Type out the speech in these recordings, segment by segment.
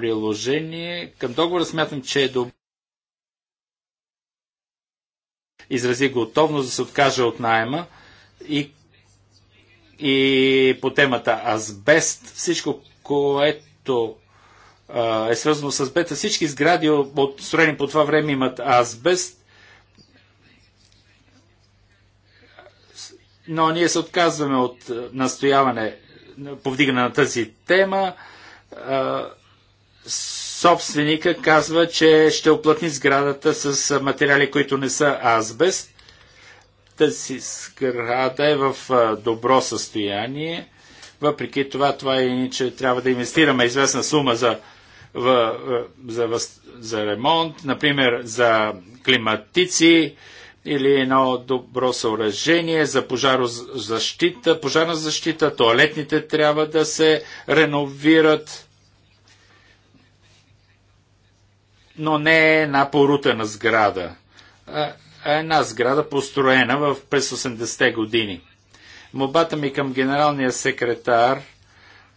приложение към договора смятам, че е добре. Изрази готовност да се откаже от найема и, и по темата Азбест, всичко, което е свързано с бета. Всички сгради, строени по това време, имат азбест, но ние се отказваме от настояване, повдигане на тази тема собственика казва, че ще оплътни сградата с материали, които не са азбест. Тази сграда е в добро състояние. Въпреки това, това е, че трябва да инвестираме известна сума за, в, за, за, за ремонт, например за климатици или едно добро съоръжение за пожарозащита, пожарна защита, туалетните трябва да се реновират но не е една порутена сграда, а една сграда построена в през 80-те години. Мобата ми към генералния секретар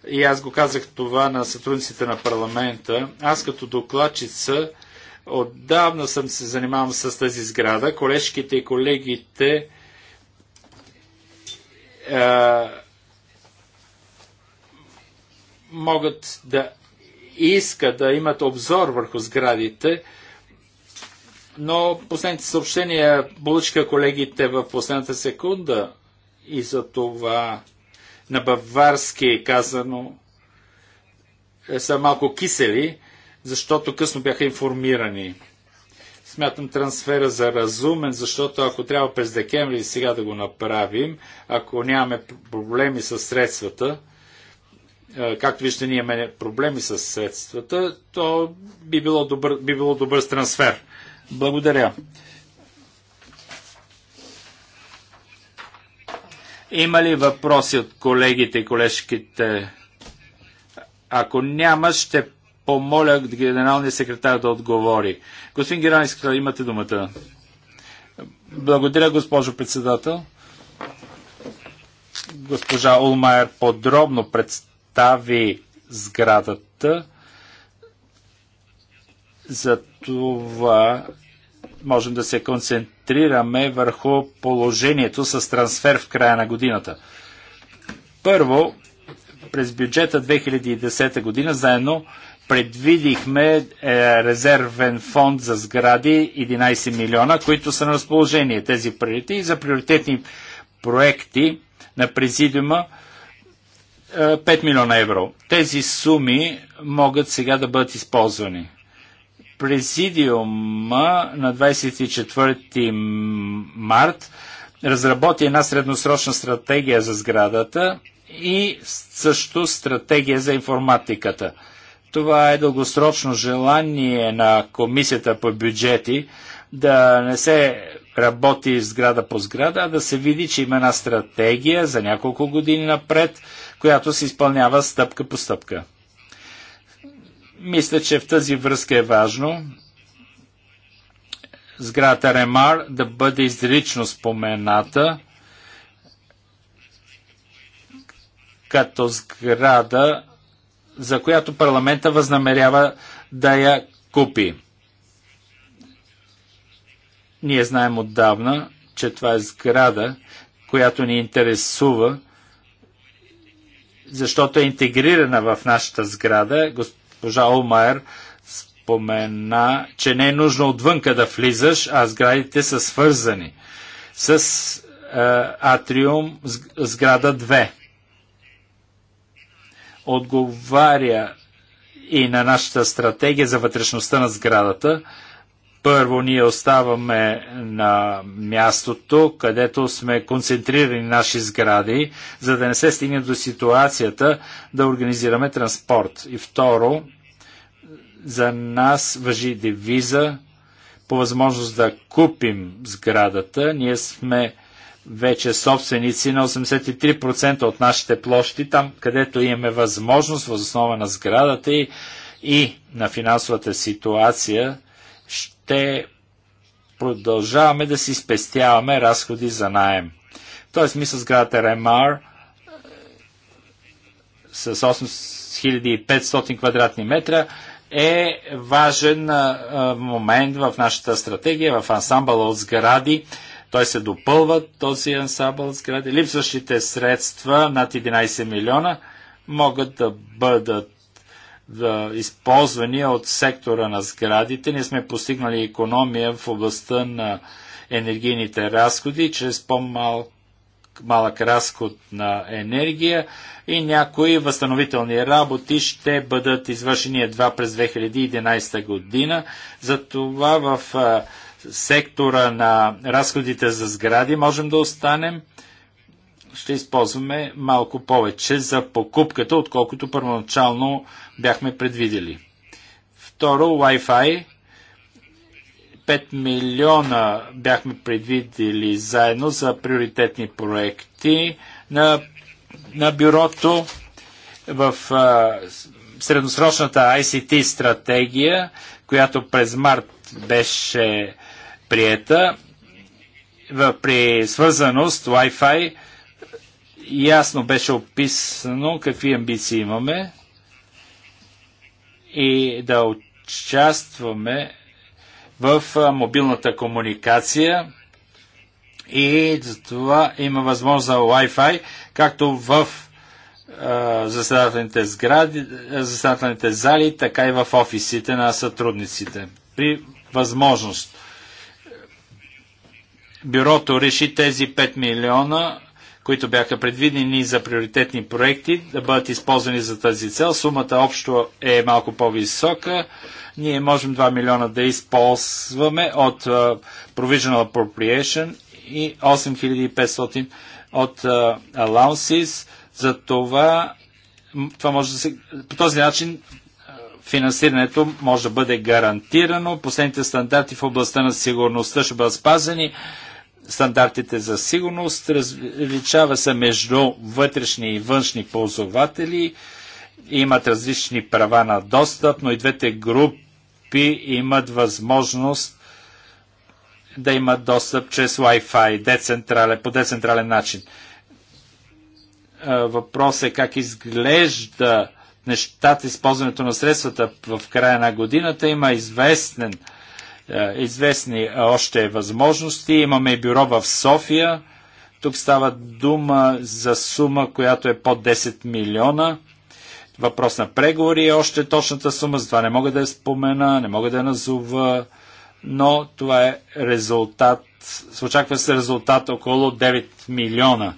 и аз го казах това на сътрудниците на парламента, аз като докладчица отдавна съм се занимавам с тази сграда. Колежките и колегите а, могат да иска да имат обзор върху сградите, но последните съобщения получиха колегите в последната секунда и за това на баварски е казано са малко кисели, защото късно бяха информирани. Смятам трансфера за разумен, защото ако трябва през декември сега да го направим, ако нямаме проблеми с средствата, е, както вижте, ние имаме проблеми с средствата, то би било добър, би било добър трансфер. Благодаря. Има ли въпроси от колегите и колежките? Ако няма, ще помоля генералния секретар да отговори. Господин генералния секретар, имате думата. Благодаря, госпожо председател. Госпожа Улмайер подробно представи остави сградата. За това можем да се концентрираме върху положението с трансфер в края на годината. Първо, през бюджета 2010 година заедно предвидихме е, резервен фонд за сгради 11 милиона, които са на разположение тези приоритети и за приоритетни проекти на президиума 5 е, милиона евро. Тези суми могат сега да бъдат използвани. Президиума на 24 март разработи една средносрочна стратегия за сградата и също стратегия за информатиката. Това е дългосрочно желание на Комисията по бюджети да не се работи сграда по сграда, а да се види, че има една стратегия за няколко години напред, която се изпълнява стъпка по стъпка. Мисля, че в тази връзка е важно сградата Ремар да бъде изрично спомената като сграда, за която парламента възнамерява да я купи. Ние знаем отдавна, че това е сграда, която ни интересува, защото е интегрирана в нашата сграда. Госпожа Олмайер спомена, че не е нужно отвънка да влизаш, а сградите са свързани с е, атриум сграда 2. Отговаря и на нашата стратегия за вътрешността на сградата – първо, ние оставаме на мястото, където сме концентрирани наши сгради, за да не се стигне до ситуацията да организираме транспорт. И второ, за нас въжи девиза по възможност да купим сградата. Ние сме вече собственици на 83% от нашите площи, там където имаме възможност възоснова на сградата и, и на финансовата ситуация ще продължаваме да си спестяваме разходи за найем. Тоест, ми с сградата Ремар е, с 8500 квадратни метра е важен е, момент в нашата стратегия, в ансамбъл от сгради. Той се допълва, този ансамбъл от сгради. Липсващите средства над 11 милиона могат да бъдат използвания от сектора на сградите. Ние сме постигнали економия в областта на енергийните разходи чрез по-малък малък разход на енергия и някои възстановителни работи ще бъдат извършени едва през 2011 година. Затова в сектора на разходите за сгради можем да останем ще използваме малко повече за покупката, отколкото първоначално бяхме предвидели. Второ, Wi-Fi. 5 милиона бяхме предвидели заедно за приоритетни проекти на, на бюрото в а, средносрочната ICT стратегия, която през март беше приета. В, при свързаност Wi-Fi ясно беше описано какви амбиции имаме и да участваме в мобилната комуникация и за това има възможност за Wi-Fi, както в заседателните сгради, заседателните зали, така и в офисите на сътрудниците. При възможност. Бюрото реши тези 5 милиона които бяха предвидени за приоритетни проекти, да бъдат използвани за тази цел. Сумата общо е малко по-висока. Ние можем 2 милиона да използваме от Provisional Appropriation и 8500 от Allowances. За това, това може да се, по този начин финансирането може да бъде гарантирано, последните стандарти в областта на сигурността ще бъдат спазени стандартите за сигурност, различава се между вътрешни и външни ползователи, имат различни права на достъп, но и двете групи имат възможност да имат достъп чрез Wi-Fi децентрален, по децентрален начин. Въпрос е как изглежда нещата, използването на средствата в края на годината. Има известен е, известни още възможности. Имаме бюро в София. Тук става дума за сума, която е под 10 милиона. Въпрос на преговори е още точната сума, затова не мога да я спомена, не мога да я назова, но това е резултат, се очаква се резултат около 9 милиона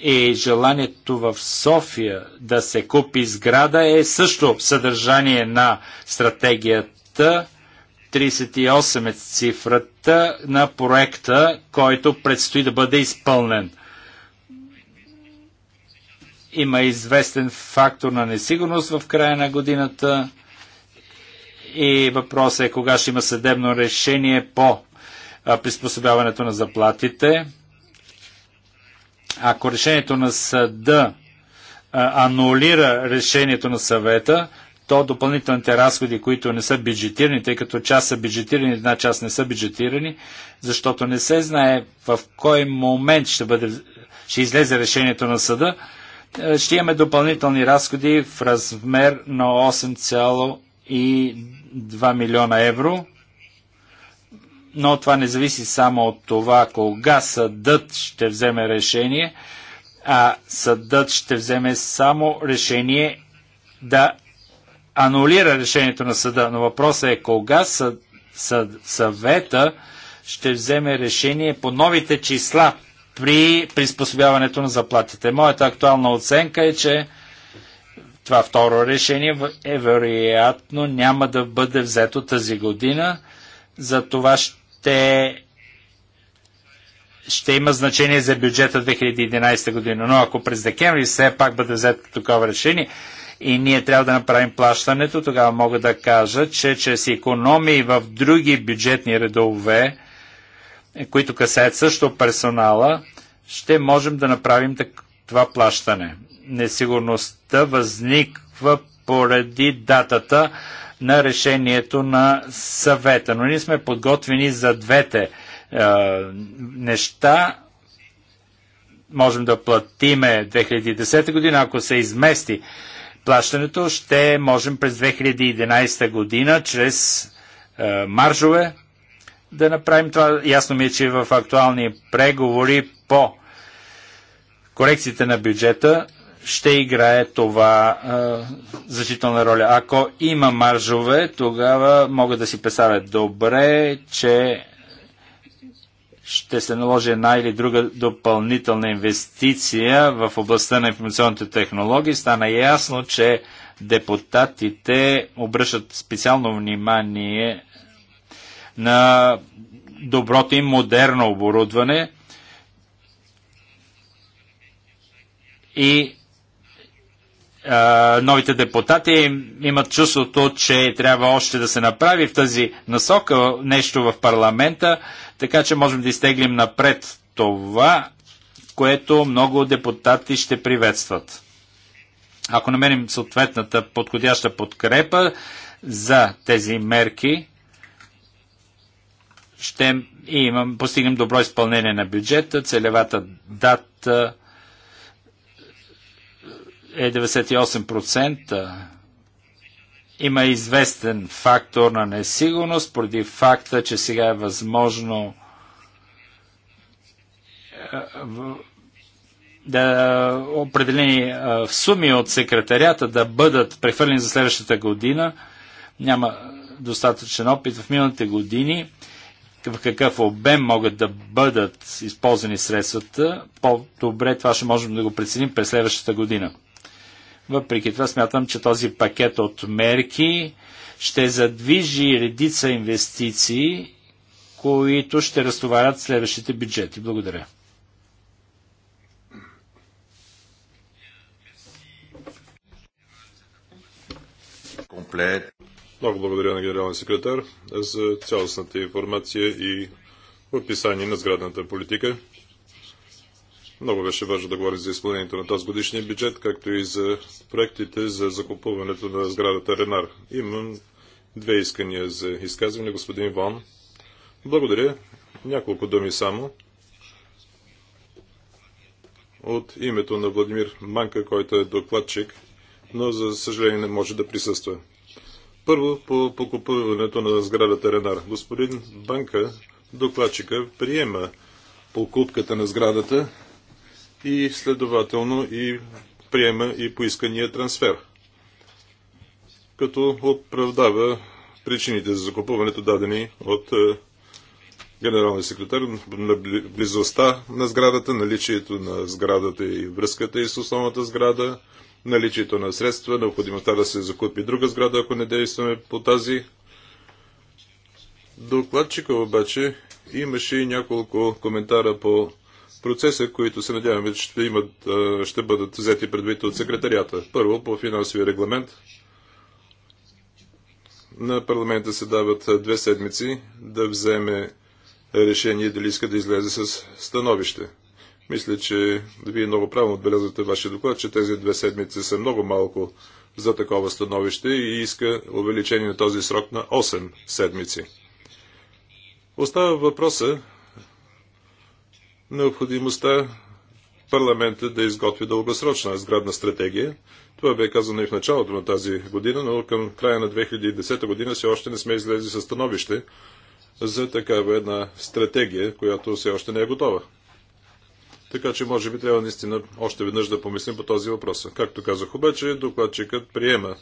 и желанието в София да се купи сграда е също съдържание на стратегията. 38 е цифрата на проекта, който предстои да бъде изпълнен. Има известен фактор на несигурност в края на годината и въпросът е кога ще има съдебно решение по приспособяването на заплатите ако решението на съда анулира решението на съвета, то допълнителните разходи, които не са бюджетирани, тъй като част са бюджетирани, една част не са бюджетирани, защото не се знае в кой момент ще, бъде, ще излезе решението на съда, е, ще имаме допълнителни разходи в размер на 8,2 милиона евро но това не зависи само от това кога съдът ще вземе решение, а съдът ще вземе само решение да анулира решението на съда. Но въпросът е кога съд, съд, съвета ще вземе решение по новите числа при приспособяването на заплатите. Моята актуална оценка е, че това второ решение е вероятно няма да бъде взето тази година. За това ще ще, ще има значение за бюджета 2011 година. Но ако през декември все пак бъде взето такова решение и ние трябва да направим плащането, тогава мога да кажа, че чрез економии в други бюджетни редове, които касаят също персонала, ще можем да направим това плащане. Несигурността възниква поради датата на решението на съвета. Но ние сме подготвени за двете е, неща. Можем да платиме 2010 година, ако се измести плащането, ще можем през 2011 година чрез е, маржове да направим това. Ясно ми е, че в актуални преговори по корекциите на бюджета ще играе това е, значителна роля. Ако има маржове, тогава могат да си представят добре, че ще се наложи една или друга допълнителна инвестиция в областта на информационните технологии. Стана ясно, че депутатите обръщат специално внимание на доброто им модерно оборудване – и новите депутати имат чувството, че трябва още да се направи в тази насока нещо в парламента, така че можем да изтеглим напред това, което много депутати ще приветстват. Ако намерим съответната подходяща подкрепа за тези мерки, ще имам, постигнем добро изпълнение на бюджета, целевата дата – е 98%. Има известен фактор на несигурност, поради факта, че сега е възможно е, да определени е, суми от секретарията да бъдат прехвърлени за следващата година. Няма достатъчен опит в миналите години в какъв обем могат да бъдат използвани средствата, по-добре това ще можем да го преценим през следващата година. Въпреки това смятам, че този пакет от мерки ще задвижи редица инвестиции, които ще разтоварят следващите бюджети. Благодаря. Много благодаря на генералния секретар за цялостната информация и описание на сградната политика. Много беше важно да говорим за изпълнението на този годишния бюджет, както и за проектите за закупуването на сградата Ренар. Имам две искания за изказване, господин Вон. Благодаря. Няколко думи само. От името на Владимир Манка, който е докладчик, но за съжаление не може да присъства. Първо по покупуването на сградата Ренар. Господин Банка, докладчика, приема покупката на сградата и следователно и приема и поискания трансфер, като оправдава причините за закупуването дадени от е, генералния секретар на близостта на сградата, наличието на сградата и връзката и с основната сграда, наличието на средства, необходимостта да се закупи друга сграда, ако не действаме по тази. Докладчика обаче имаше и няколко коментара по процеса, които се надяваме, че ще, имат, ще бъдат взети предвид от секретарията. Първо, по финансовия регламент на парламента се дават две седмици да вземе решение дали иска да излезе с становище. Мисля, че вие много правилно отбелязвате вашия доклад, че тези две седмици са много малко за такова становище и иска увеличение на този срок на 8 седмици. Остава въпроса необходимостта парламента да изготви дългосрочна сградна стратегия. Това бе казано и в началото на тази година, но към края на 2010 година все още не сме излезли със становище за такава една стратегия, която все още не е готова. Така че може би трябва наистина още веднъж да помислим по този въпрос. Както казах обаче, докладчикът приема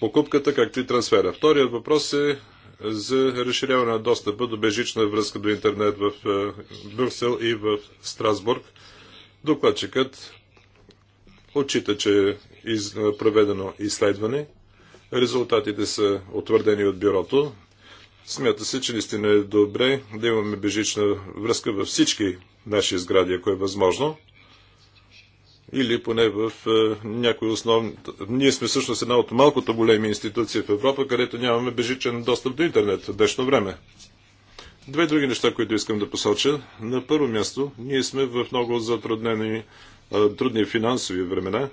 покупката, както и трансфера. Вторият въпрос е за разширяване на достъпа до бежична връзка до интернет в е, Брюксел и в Страсбург. Докладчикът отчита, че е проведено изследване. Резултатите са утвърдени от бюрото. Смята се, че наистина е добре да имаме бежична връзка във всички наши сгради, ако е възможно или поне в е, някои основни... Ние сме всъщност една от малкото големи институции в Европа, където нямаме бежичен достъп до интернет в днешно време. Две други неща, които искам да посоча. На първо място, ние сме в много затруднени е, трудни финансови времена.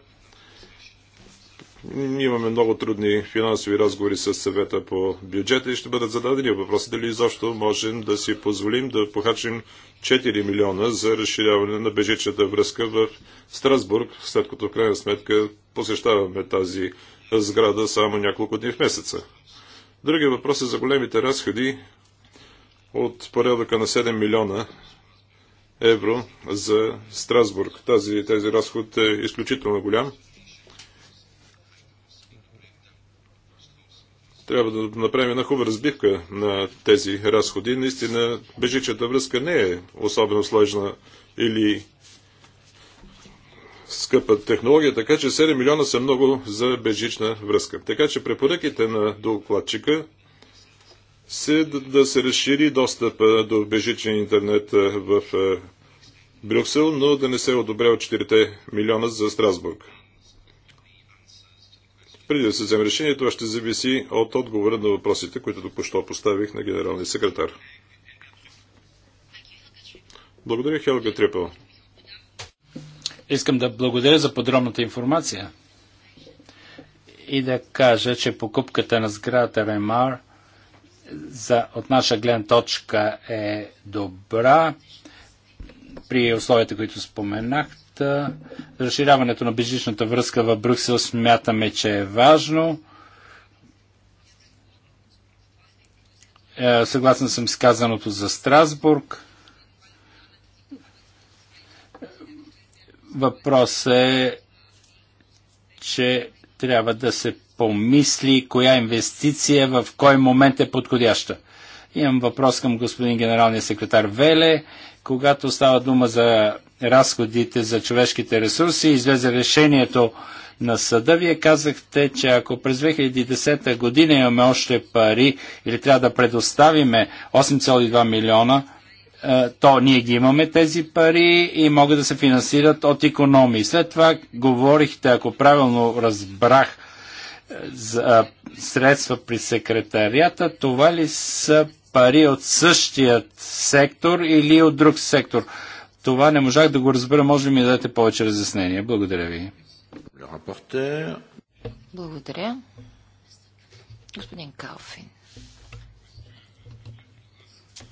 Имаме много трудни финансови разговори с съвета по бюджета и ще бъдат зададени въпроси дали изобщо можем да си позволим да похачим 4 милиона за разширяване на бежичната връзка в Страсбург, след като в крайна сметка посещаваме тази сграда само няколко дни в месеца. Другия въпрос е за големите разходи от порядъка на 7 милиона евро за Страсбург. Тази, тази разход е изключително голям трябва да направим една хубава разбивка на тези разходи. Наистина, бежичната връзка не е особено сложна или скъпа технология, така че 7 милиона са много за бежична връзка. Така че препоръките на докладчика се да се разшири достъп до бежичен интернет в Брюксел, но да не се одобрява 4 милиона за Страсбург. Преди да се вземе решение, това ще зависи от отговора на въпросите, които току-що поставих на генералния секретар. Благодаря, Хелга Трепел. Искам да благодаря за подробната информация и да кажа, че покупката на сградата Ремар за, от наша гледна точка е добра при условията, които споменах. Разширяването на бежичната връзка в Брюксел смятаме, че е важно. Е, съгласен съм с казаното за Страсбург. Въпрос е, че трябва да се помисли коя инвестиция в кой момент е подходяща. Имам въпрос към господин генералния секретар Веле. Когато става дума за разходите за човешките ресурси, излезе решението на съда. Вие казахте, че ако през 2010 година имаме още пари или трябва да предоставиме 8,2 милиона, е, то ние ги имаме тези пари и могат да се финансират от економии. След това говорихте, ако правилно разбрах, е, за е, средства при секретарията, това ли са пари от същият сектор или от друг сектор? Това не можах да го разбера. Може ли ми да дадете повече разяснения? Благодаря ви. Благодаря. Господин Калфин.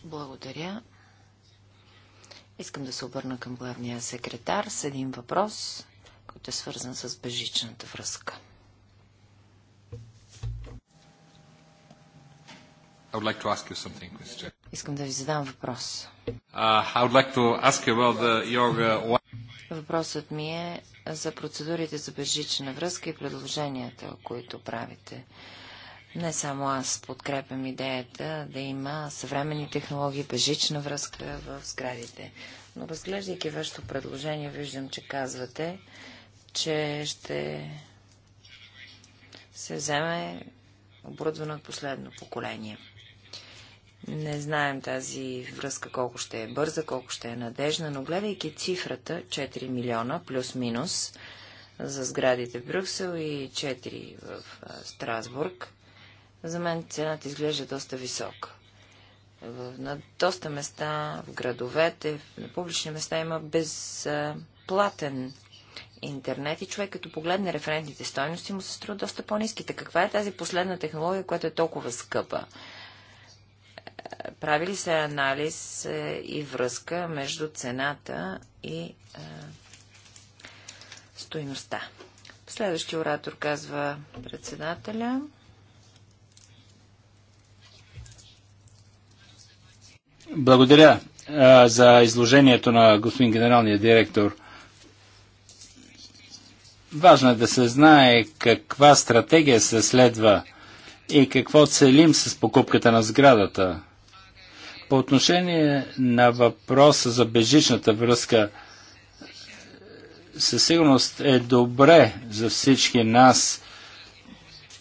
Благодаря. Искам да се обърна към главния секретар с един въпрос, който е свързан с бежичната връзка. I would like to ask you something, Mr. Искам да ви задам въпрос. Uh, uh, Въпросът ми е за процедурите за безжична връзка и предложенията, които правите. Не само аз подкрепям идеята да има съвременни технологии, безжична връзка в сградите. Но разглеждайки вашето предложение, виждам, че казвате, че ще се вземе оборудване от последно поколение. Не знаем тази връзка колко ще е бърза, колко ще е надежна, но гледайки цифрата 4 милиона плюс-минус за сградите в Брюксел и 4 в Страсбург, за мен цената изглежда доста висока. На доста места, в градовете, на публични места има безплатен интернет и човек като погледне референтните стойности му се струва доста по-низките. Каква е тази последна технология, която е толкова скъпа? прави ли се анализ е, и връзка между цената и е, стоиността? Следващия оратор казва председателя. Благодаря е, за изложението на господин генералния директор. Важно е да се знае каква стратегия се следва и какво целим с покупката на сградата. По отношение на въпроса за бежичната връзка, със сигурност е добре за всички нас.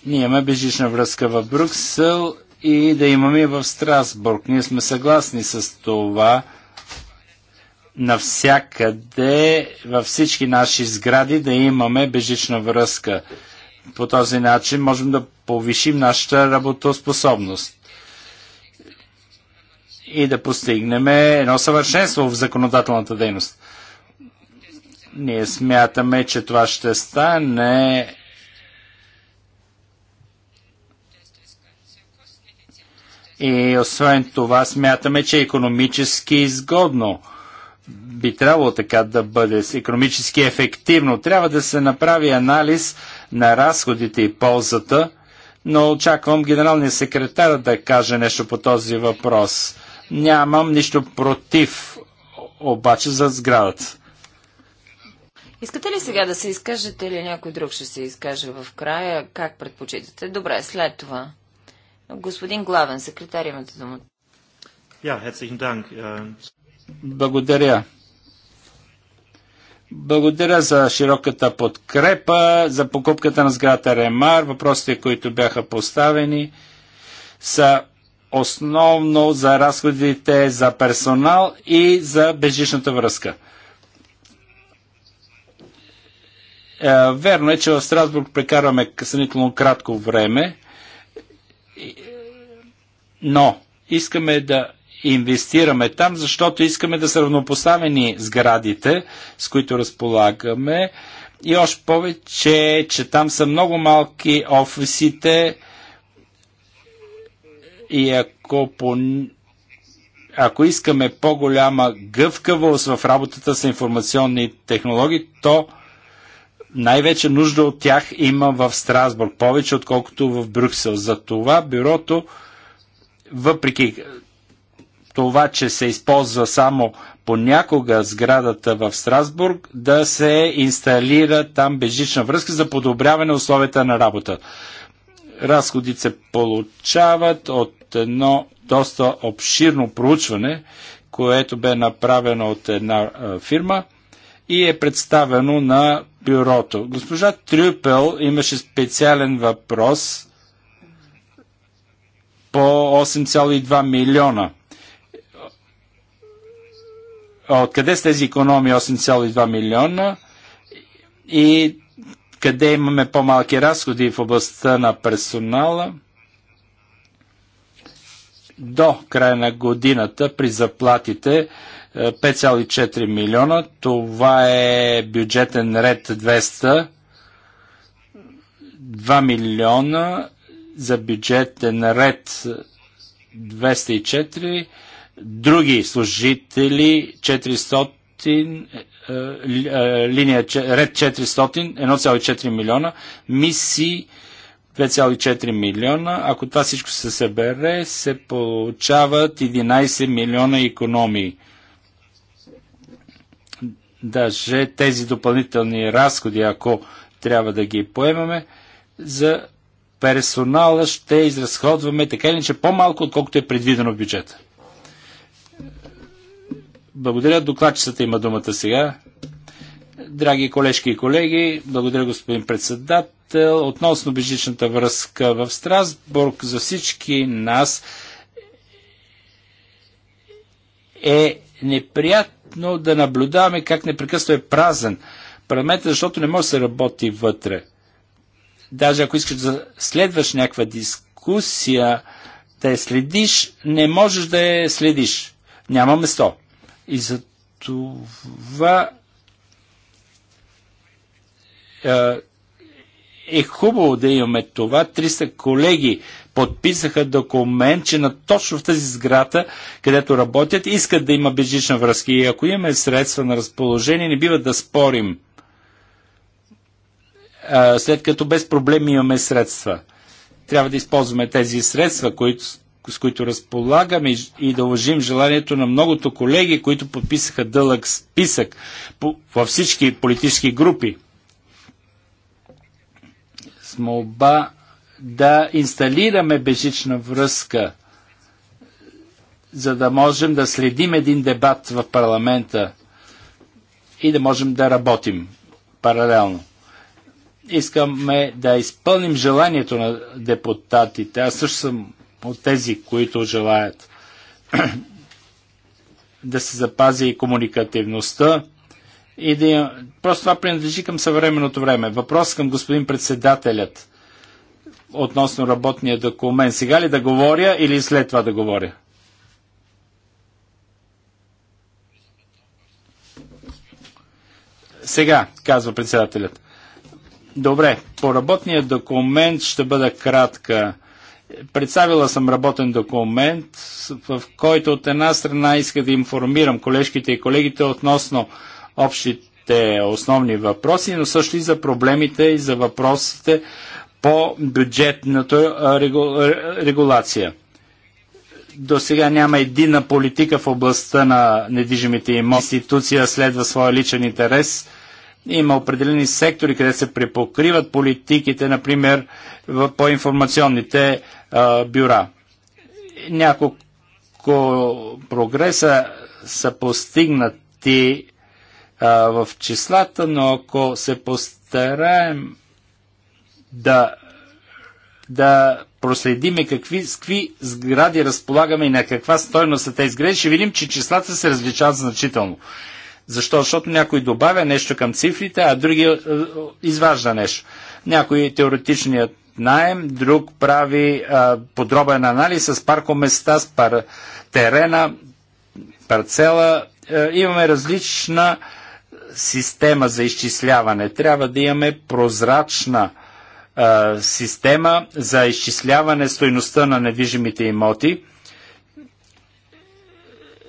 Ние имаме бежична връзка в Брюксел и да имаме в Страсбург. Ние сме съгласни с това. Навсякъде, във всички наши сгради да имаме бежична връзка. По този начин можем да повишим нашата работоспособност и да постигнем едно съвършенство в законодателната дейност. Ние смятаме, че това ще стане и освен това смятаме, че е економически изгодно – би трябвало така да бъде економически ефективно. Трябва да се направи анализ на разходите и ползата, но очаквам генералния секретар да каже нещо по този въпрос. Нямам нищо против обаче за сградата. Искате ли сега да се изкажете или някой друг ще се изкаже в края? Как предпочитате? Добре, след това. Господин главен секретар, имате думата. Äh, Благодаря. Благодаря за широката подкрепа, за покупката на сградата Ремар. Въпросите, които бяха поставени, са основно за разходите за персонал и за безжичната връзка. Е, верно е, че в Страсбург прекарваме сънително кратко време, но искаме да инвестираме там, защото искаме да са равнопоставени сградите, с които разполагаме. И още повече, че там са много малки офисите и ако по ако искаме по-голяма гъвкавост в работата с информационни технологии, то най-вече нужда от тях има в Страсбург, повече отколкото в Брюксел. За това бюрото, въпреки това, че се използва само понякога сградата в Страсбург, да се инсталира там безжична връзка за подобряване условията на работа. Разходите се получават от едно доста обширно проучване, което бе направено от една фирма и е представено на бюрото. Госпожа Трюпел имаше специален въпрос по 8,2 милиона – откъде с тези економии 8,2 милиона и къде имаме по-малки разходи в областта на персонала до края на годината при заплатите 5,4 е, милиона. Това е бюджетен ред 200. 2 милиона за бюджетен ред 204 други служители 400 е, е, е, линия ред 400, 1,4 милиона, мисии 2,4 милиона. Ако това всичко се събере, се получават 11 милиона економии. Даже тези допълнителни разходи, ако трябва да ги поемаме, за персонала ще изразходваме така или иначе по-малко, отколкото е предвидено в бюджета. Благодаря. Докладчицата има думата сега. Драги колежки и колеги, благодаря господин председател. Относно бежичната връзка в Страсбург за всички нас е неприятно да наблюдаваме как непрекъсно е празен парламентът, защото не може да се работи вътре. Даже ако искаш да следваш някаква дискусия, да я следиш, не можеш да я следиш. Няма место. И за това е, е хубаво да имаме това. 300 колеги подписаха документ, че на точно в тази сграда, където работят, искат да има бежична връзка. И ако имаме средства на разположение, не бива да спорим. Е, след като без проблеми имаме средства. Трябва да използваме тези средства, които с които разполагаме и дължим желанието на многото колеги, които подписаха дълъг списък във всички политически групи. С молба да инсталираме бежична връзка, за да можем да следим един дебат в парламента и да можем да работим паралелно. Искаме да изпълним желанието на депутатите. Аз също съм от тези, които желаят да се запази и комуникативността и да Просто това принадлежи към съвременното време. Въпрос към господин председателят относно работния документ. Сега ли да говоря или след това да говоря? Сега, казва председателят. Добре, по работния документ ще бъда кратка. Представила съм работен документ, в който от една страна иска да информирам колежките и колегите относно общите основни въпроси, но също и за проблемите и за въпросите по бюджетната регулация. До сега няма едина политика в областта на недвижимите имоти. Институция следва своя личен интерес – има определени сектори, къде се препокриват политиките, например в по информационните а, бюра. Няколко прогреса са постигнати а, в числата, но ако се постараем да, да проследиме какви, какви сгради разполагаме и на каква стойност са тези сгради, ще видим, че числата се различават значително. Защо? Защото някой добавя нещо към цифрите, а други е, е, изважда нещо. Някой теоретичният найем, друг прави а, подробен анализ с паркоместа, с пар... терена, парцела. А, е, имаме различна система за изчисляване. Трябва да имаме прозрачна а, система за изчисляване стоеността на недвижимите имоти,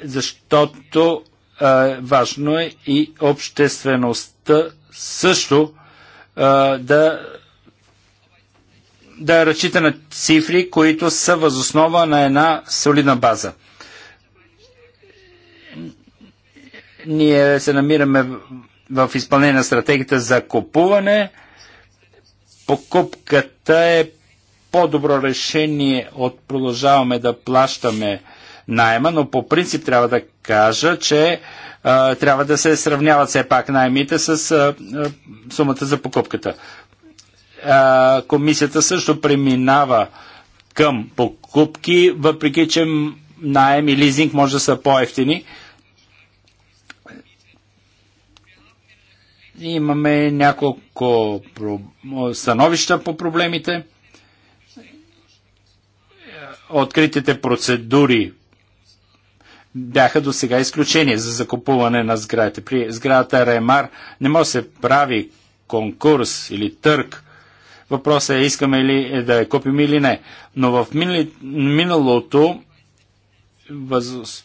защото а, важно е и обществеността също а, да да разчита на цифри, които са възоснова на една солидна база. Ние се намираме в изпълнение на стратегията за купуване. Покупката е по-добро решение от продължаваме да плащаме найема, но по принцип трябва да кажа, че а, трябва да се сравняват все пак наймите с а, а, сумата за покупката. А, комисията също преминава към покупки, въпреки че найем и лизинг може да са по-ефтини. Имаме няколко становища по проблемите. Откритите процедури бяха до сега изключения за закупуване на сградите. При сградата Ремар не може да се прави конкурс или търг. Въпросът е искаме ли е да я купим или не. Но в минали, миналото, въз,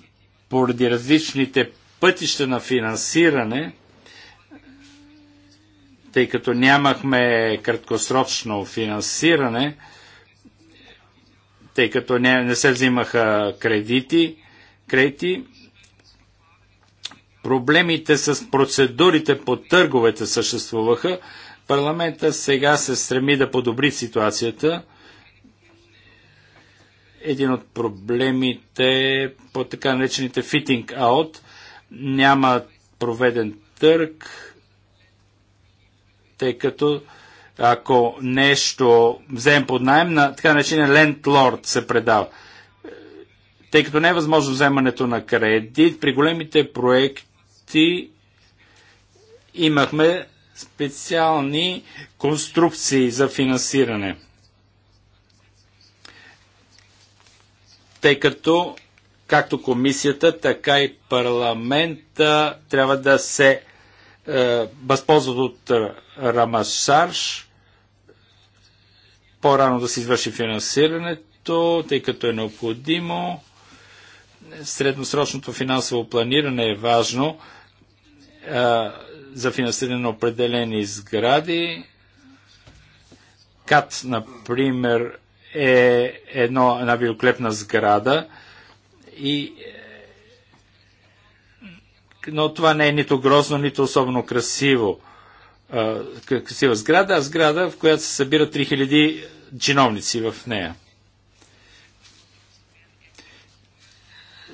поради различните пътища на финансиране, тъй като нямахме краткосрочно финансиране, тъй като не, не се взимаха кредити, кредити, проблемите с процедурите по търговете съществуваха. Парламента сега се стреми да подобри ситуацията. Един от проблемите е по така наречените fitting out няма проведен търг, тъй като ако нещо вземем под найем, на така наречения лендлорд се предава тъй като не е възможно вземането на кредит. При големите проекти имахме специални конструкции за финансиране. Тъй като както комисията, така и парламента трябва да се е, възползват от е, Рамасарш, по-рано да се извърши финансирането, тъй като е необходимо. Средносрочното финансово планиране е важно а, за финансиране на определени сгради. КАТ, например, е едно, една великолепна сграда и е, но това не е нито грозно, нито особено красиво. А, красива сграда, а сграда, в която се събират 3000 чиновници в нея.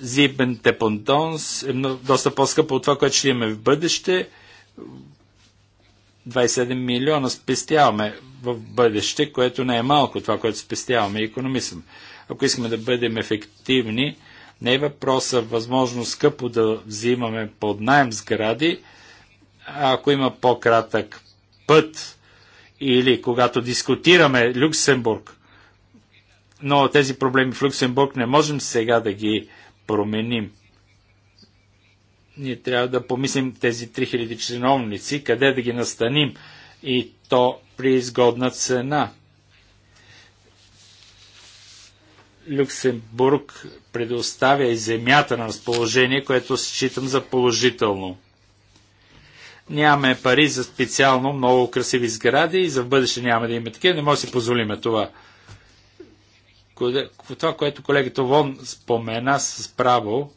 Зибен Тепонтонс е много, доста по-скъпо от това, което ще имаме в бъдеще. 27 милиона спестяваме в бъдеще, което не е малко това, което спестяваме и економисъм. Ако искаме да бъдем ефективни, не е въпроса възможно скъпо да взимаме под найем сгради, а ако има по-кратък път или когато дискутираме Люксембург, но тези проблеми в Люксембург не можем сега да ги променим. Ние трябва да помислим тези 3000 чиновници, къде да ги настаним и то при изгодна цена. Люксембург предоставя и земята на разположение, което считам за положително. Нямаме пари за специално много красиви сгради и за бъдеще няма да има такива. Не може да си позволиме това. Това, което колегата Вон спомена с право,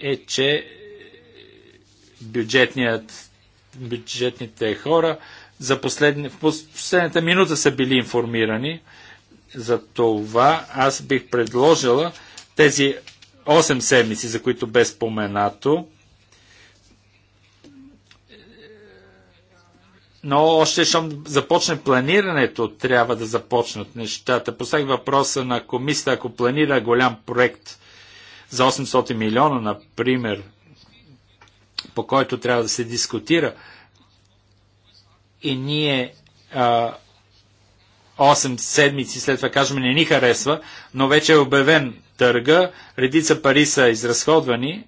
е, че бюджетният, бюджетните хора за последни, в последната минута са били информирани. За това аз бих предложила тези 8 седмици, за които бе споменато, Но още щом започне планирането, трябва да започнат нещата. Поставих въпроса на комисията, ако планира голям проект за 800 милиона, например, по който трябва да се дискутира, и ние а, 8 седмици след това кажем не ни харесва, но вече е обявен търга, редица пари са изразходвани,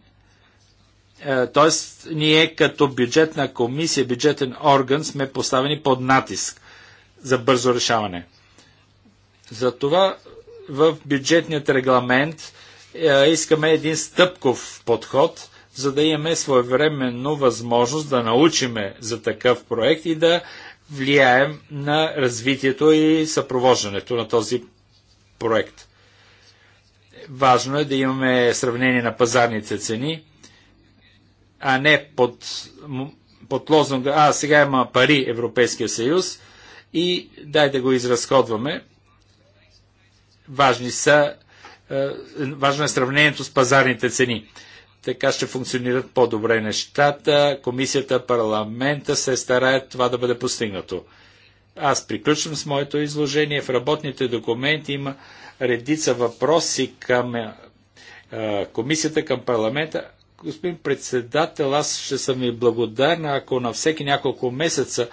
е, тоест, ние като бюджетна комисия, бюджетен орган сме поставени под натиск за бързо решаване. Затова в бюджетният регламент е, искаме един стъпков подход, за да имаме своевременно възможност да научиме за такъв проект и да влияем на развитието и съпровождането на този проект. Важно е да имаме сравнение на пазарните цени – а не под, под лозунга а сега има пари Европейския съюз и дай да го изразходваме. Важни са, е, важно е сравнението с пазарните цени. Така ще функционират по-добре нещата. Комисията, парламента се стараят това да бъде постигнато. Аз приключвам с моето изложение. В работните документи има редица въпроси към е, е, комисията, към парламента господин председател, аз ще съм ви благодарна, ако на всеки няколко месеца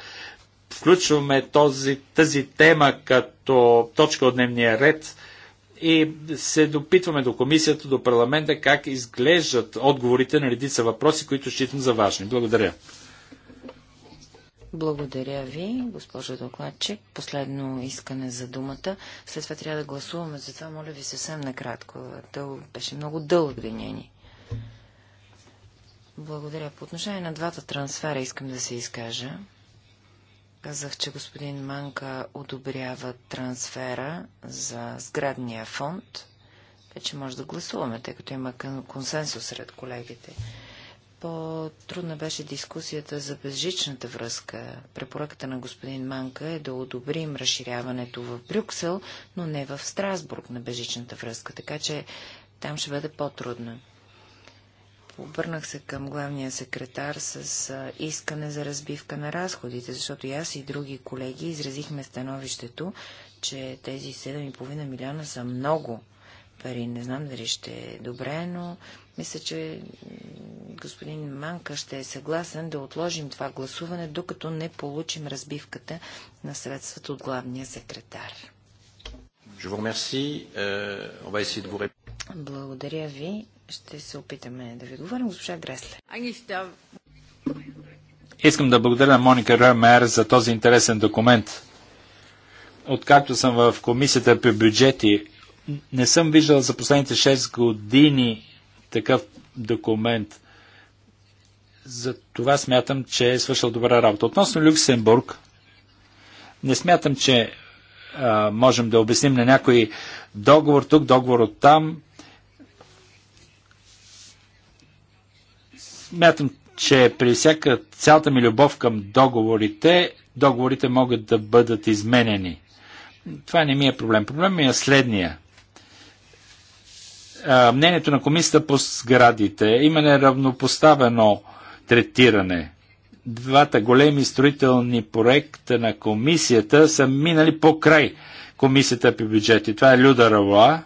включваме този, тази тема като точка от дневния ред и се допитваме до комисията, до парламента, как изглеждат отговорите на редица въпроси, които считам за важни. Благодаря. Благодаря ви, госпожо докладчик. Последно искане за думата. След това трябва да гласуваме, затова моля ви съвсем накратко. Дъл... Беше много дълъг деня ни. Благодаря. По отношение на двата трансфера искам да се изкажа. Казах, че господин Манка одобрява трансфера за сградния фонд. Вече може да гласуваме, тъй като има консенсус сред колегите. По-трудна беше дискусията за безжичната връзка. Препоръката на господин Манка е да одобрим разширяването в Брюксел, но не в Страсбург на безжичната връзка, така че там ще бъде по-трудно. Обърнах се към главния секретар с искане за разбивка на разходите, защото и аз и други колеги изразихме становището, че тези 7,5 милиона са много пари. Не знам дали ще е добре, но мисля, че господин Манка ще е съгласен да отложим това гласуване, докато не получим разбивката на средствата от главния секретар. Euh, Благодаря ви. Ще се опитаме да ви отговорим, госпожа Гресле. Искам да благодаря на Моника Ремер за този интересен документ. Откакто съм в комисията по бюджети, не съм виждал за последните 6 години такъв документ. За това смятам, че е свършил добра работа. Относно Люксембург, не смятам, че а, можем да обясним на някой договор тук, договор от там, Мятам, че при всяка цялата ми любов към договорите, договорите могат да бъдат изменени. Това не ми е проблем. Проблем ми е следния. мнението на комисията по сградите има неравнопоставено третиране. Двата големи строителни проекта на комисията са минали по край комисията по бюджети. Това е Люда Рава.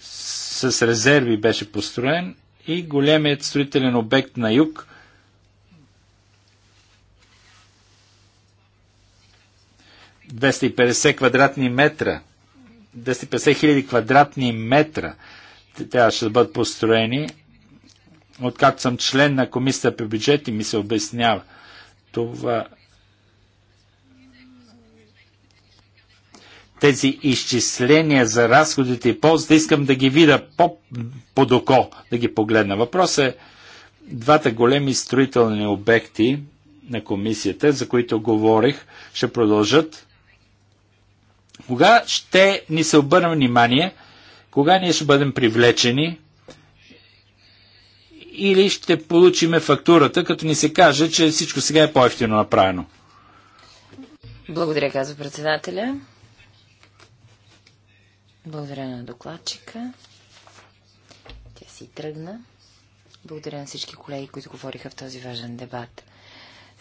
С резерви беше построен и големият строителен обект на юг. – 250 квадратни метра. 250 хиляди квадратни метра трябваше да бъдат построени. Откакто съм член на комисията по бюджет и ми се обяснява това тези изчисления за разходите и ползите, искам да ги видя по-под око, да ги погледна. Въпрос е двата големи строителни обекти на комисията, за които говорих, ще продължат. Кога ще ни се обърне внимание, кога ние ще бъдем привлечени или ще получиме фактурата, като ни се каже, че всичко сега е по-ефтино направено. Благодаря, казва председателя. Благодаря на докладчика. Тя си тръгна. Благодаря на всички колеги, които говориха в този важен дебат.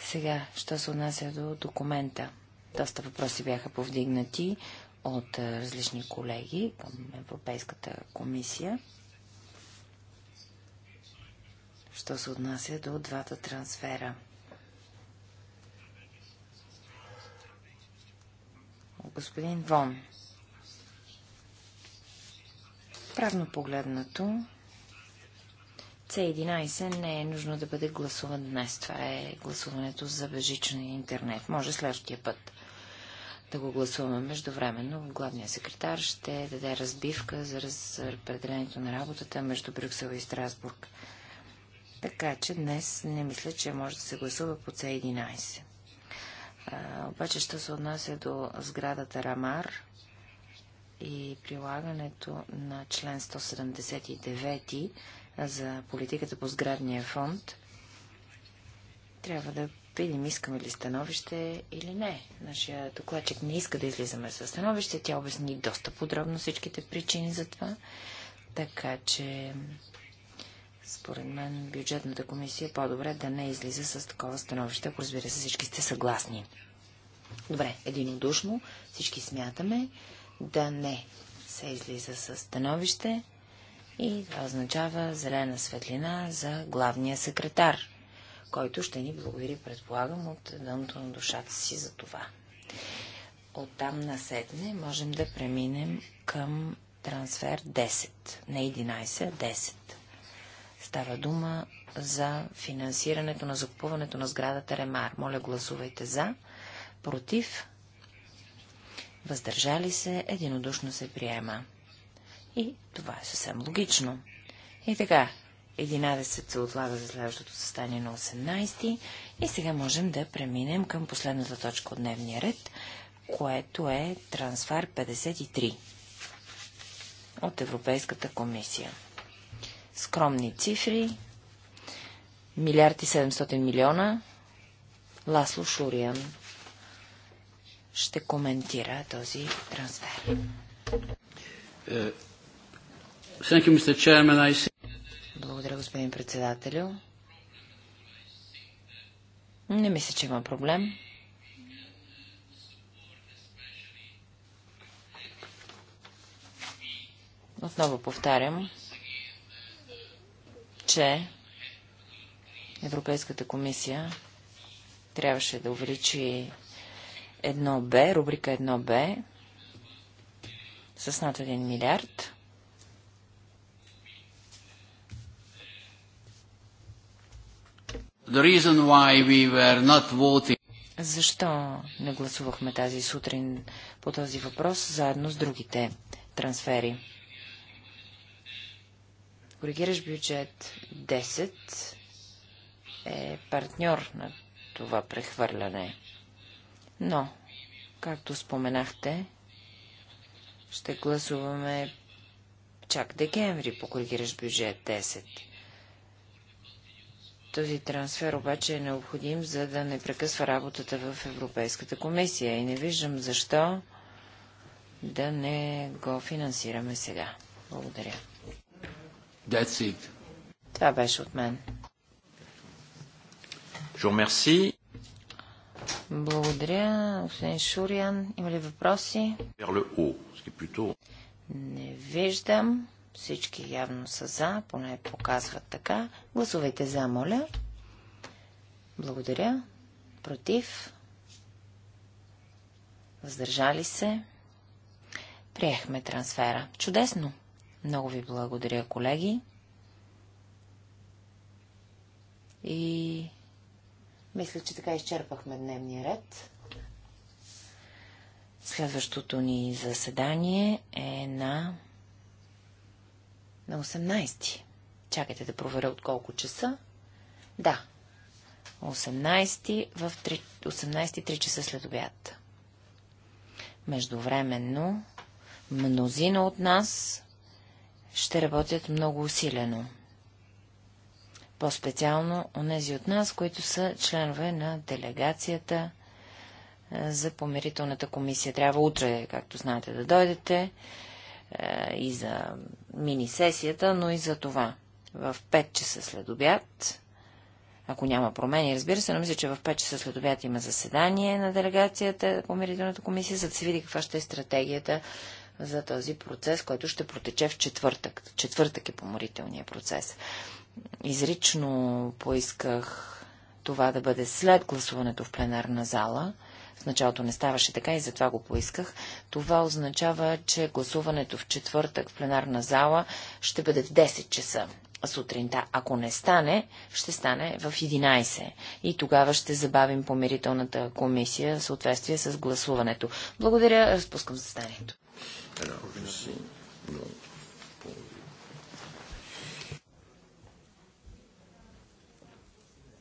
Сега, що се отнася до документа? Доста въпроси бяха повдигнати от различни колеги към Европейската комисия. Що се отнася до двата трансфера? Господин Вон Правно погледнато, C11 не е нужно да бъде гласуван днес. Това е гласуването за бежичен интернет. Може следващия път да го гласуваме междувременно. Главният секретар ще даде разбивка за разпределението на работата между Брюксел и Страсбург. Така че днес не мисля, че може да се гласува по C11. А, обаче, що се отнася до сградата Рамар, и прилагането на член 179 за политиката по сградния фонд, трябва да видим, искаме ли становище или не. Нашия докладчик не иска да излизаме със становище. Тя обясни доста подробно всичките причини за това. Така че, според мен, бюджетната комисия е по-добре да не излиза с такова становище, ако разбира се всички сте съгласни. Добре, единодушно, всички смятаме, да не се излиза с становище и това означава зелена светлина за главния секретар, който ще ни благодари, предполагам, от дъното на душата си за това. Оттам седне можем да преминем към трансфер 10, не 11, а 10. Става дума за финансирането на закупуването на сградата Ремар. Моля, гласувайте за, против, въздържали се, единодушно се приема. И това е съвсем логично. И така, 11 се отлага за следващото състояние на 18 и сега можем да преминем към последната точка от дневния ред, което е трансфер 53 от Европейската комисия. Скромни цифри, милиарди 700 милиона, Ласло Шуриан ще коментира този трансфер. Е, Благодаря, господин председателю. Не мисля, че има проблем. Отново повтарям, че Европейската комисия трябваше да увеличи 1Б, рубрика 1Б с над 1 милиард. The reason why we were not voting защо не гласувахме тази сутрин по този въпрос, заедно с другите трансфери? Коригираш бюджет 10 е партньор на това прехвърляне. Но, както споменахте, ще гласуваме чак декември по коригираш бюджет 10. Този трансфер обаче е необходим, за да не прекъсва работата в Европейската комисия и не виждам защо да не го финансираме сега. Благодаря. That's it. Това беше от мен. Благодаря, господин Шуриан. Има ли въпроси? Не виждам. Всички явно са за, поне показват така. Гласувайте за, моля. Благодаря. Против. Въздържали се. Приехме трансфера. Чудесно. Много ви благодаря, колеги. И мисля, че така изчерпахме дневния ред. Следващото ни заседание е на, на 18. Чакайте да проверя от колко часа. Да, 18 в 3... часа след обяд. Междувременно, мнозина от нас ще работят много усилено. По-специално онези от нас, които са членове на делегацията е, за помирителната комисия. Трябва утре, както знаете, да дойдете е, и за мини-сесията, но и за това. В 5 часа след обяд, ако няма промени, разбира се, но мисля, че в 5 часа след обяд има заседание на делегацията, помирителната комисия, за да се види каква ще е стратегията за този процес, който ще протече в четвъртък. Четвъртък е поморителният процес изрично поисках това да бъде след гласуването в пленарна зала. В началото не ставаше така и затова го поисках. Това означава, че гласуването в четвъртък в пленарна зала ще бъде в 10 часа сутринта. Ако не стане, ще стане в 11. И тогава ще забавим помирителната комисия в съответствие с гласуването. Благодаря, разпускам застанието. Е,